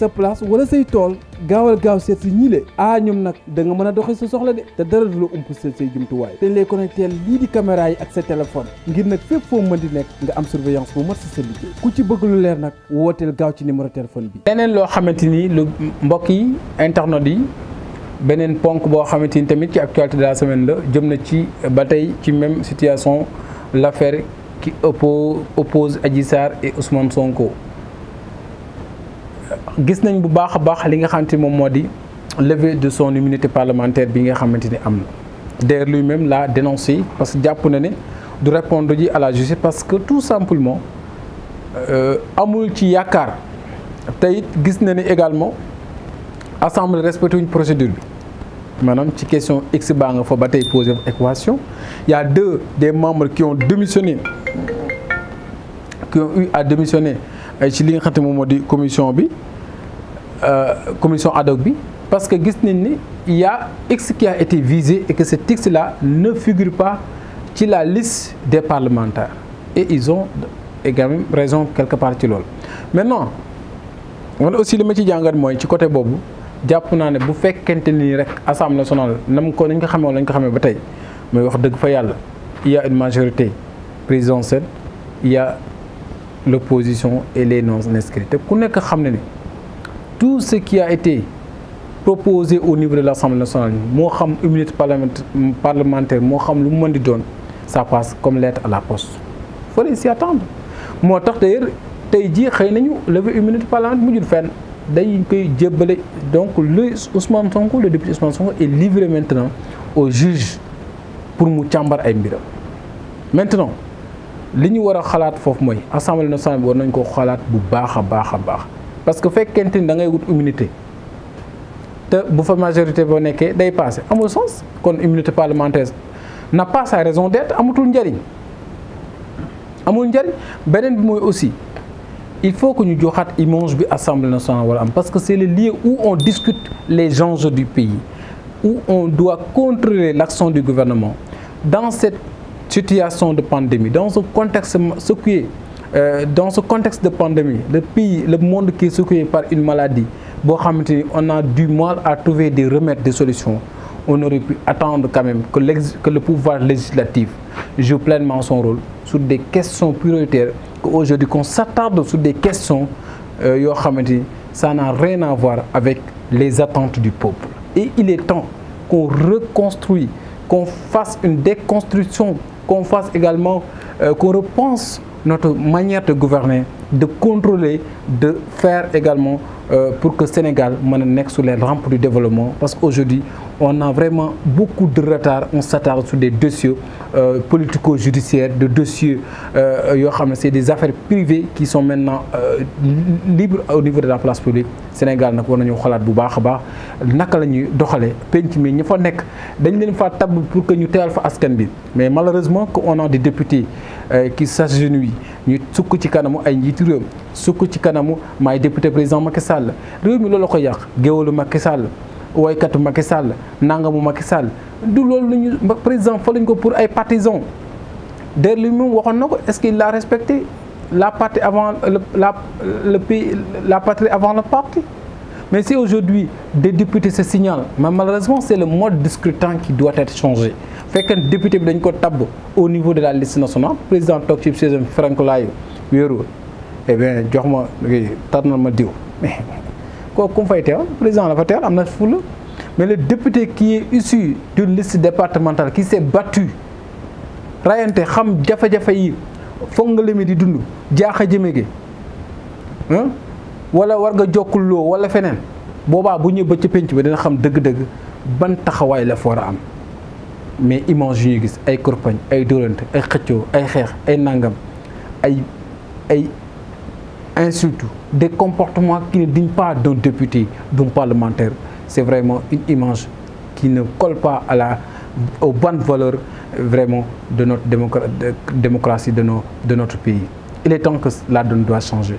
sa place wala say tool gaawal gaaw seet si ñiile ah ñoom nag da nga mën a doxee sa soxla de te dara du la ump say jumtuwaay te ñu lay connecté lii di caméra yi ak sa téléphone ngir nag fépp foo mën di nekk nga am surveillance bu mat si sa liggéey ku ci bëgg lu leer nag wooteel gaaw ci numéro téléphone bi. leneen loo xamante ni lu mbokk yi internet yi beneen ponk boo xamante ni tamit ci actualité de la semaine la jëm na ci ba tey ci même situation l'affaire ki oppose oppose Adji Sarr et Ousmane Sonko. gis nañ bu baax a baax li nga xamante moom moo di levée de son immunité parlementaire bi nga xamante ni am na d'ailleurs lui-même l'a dénoncé parce que jàpp na ne du répondre ji à la justice parce que tout simplement euh, amul ci yaakaar tey gis na ne également assemblée respecté wuñ procédure bi maanaam ci question x baa nga fa ba tey posé équation il y a des membres qui ont démissionné qui ont eu à démissionner ci li nga xam ne moom moo di commission bi euh, commission ad hoc bi parce que gis nañ ni il y a X qui a été visé et que cet X ne figure pas ci la liste des parlementaires et ils ont également raison quelque part ci loolu maintenant man aussi li ma ci jàngat mooy ci côté boobu jàpp naa ne bu fekkente ni rek assemblée nationale nam ko nañ ko xamee lañ ko xamee ba tey mooy wax dëgg fa yàlla il y une majorité présidentielle il l'opposition et les non-inscrits te ku nekk xam ne ni tout ce qui a été proposé au niveau de l'Assemblée nationale moo xam immunité parlementaire moo xam lu mu mën di doon ça passe comme lettre à la poste fallait s'y attendre moo tax d'ailleurs tey jii xëy nañu lever immunité parlementaire mujjul fenn dañ koy jébbale donc le Ousmane Sonko le député Ousmane Sonko est livré maintenant au juge pour mu càmbar ay mbiram maintenant li ñu war a xalaat foofu mooy assemblée nationale bi war nañ koo xalaat bu baax a baax a baax parce que fekkente ni da ngay wut immunité te bu fa majorité boo nekkee day passé amul sens kon immunité parlementaire n'a pas sa raison d'être amatul njëriñ amul njëriñ beneen bi mooy aussi il faut que ñu joxaat image bi assemblée nationale wala am parce que c'est le lieu où on discute les enjeux du pays où on doit contrôler l'action du gouvernement dans cette situation de pandémie, dans ce contexte secoué, euh, dans ce contexte de pandémie, le pays, le monde qui est secoué par une maladie, on a du mal à trouver des remèdes, des solutions. On aurait pu attendre quand même que, que le pouvoir législatif joue pleinement son rôle sur des questions prioritaires qu'aujourd'hui qu'on s'attarde sur des questions euh, ça n'a rien à voir avec les attentes du peuple. Et il est temps qu'on reconstruise, qu'on fasse une déconstruction qu'on fasse également, euh, qu'on repense notre manière de gouverner de contrôler de fair également euh, pour que Sénégal mën a nekk su les rampes du développement parce que aujourd'hui on a vraiment beaucoup de retard on s'attarde sur des dossiers euh, politico-judiciaires de dossiers euh, yoo xam ne c'est des affaires privées qui son maintenant euh, libre au niveau de la place publique Sénégal nag war nañu xalaat bu baax a baax naka la ñuy doxalee penc mi ñi fa nekk dañu leen fa tabb pour que ñu teewal fa askan bi mais malheureusement que on a des députés ki euh, s'agenouille ñu sukk ci kanamu ay njiitu réew sukk ci kanamu maay député président Macky Sall réew mi loolu ko yàq géwalu Macky Sall woykatu Macky Sall nangamu Macky Sall du loolu la ñu président fa lañ ko pour ay partisans de li moom waxoon na ko est-ce qu'il l'a respecter la partie avant le la le pays la patrie avant le parti Mais si aujourd'hui des députés se signalent, mais malheureusement c'est le mode de scrutin qui doit être changé. Fait qu'un député bi dañ ko tabb au niveau de la liste nationale président toog ci siège Franck Laye wéeru eh jox ma tànnal ma diw mais kooku ku fay teewal président dafa teewal am na fulla mais le député qui est issu d'une liste départementale qui s'est battu rayante xam jafe-jafe yi foog nga lemi di dund a jëme gi wala war nga jokkul loo wala feneen boobaa bu ñëw ba ci pénc bi dina xam dëgg-dëgg ban taxawaay la fa war a am mais image yu ñuy gis ay korpañ ay dorant ay xëccoo ay xeex ay nangam ay ay insultes des comportement qui ne dignent pas d'un député d'un parlementaire c'est vraiment une image qui ne colle pas à la aux bonnes valeurs vraiment de notre démocratie de notre pays il est temps que la donne doit changer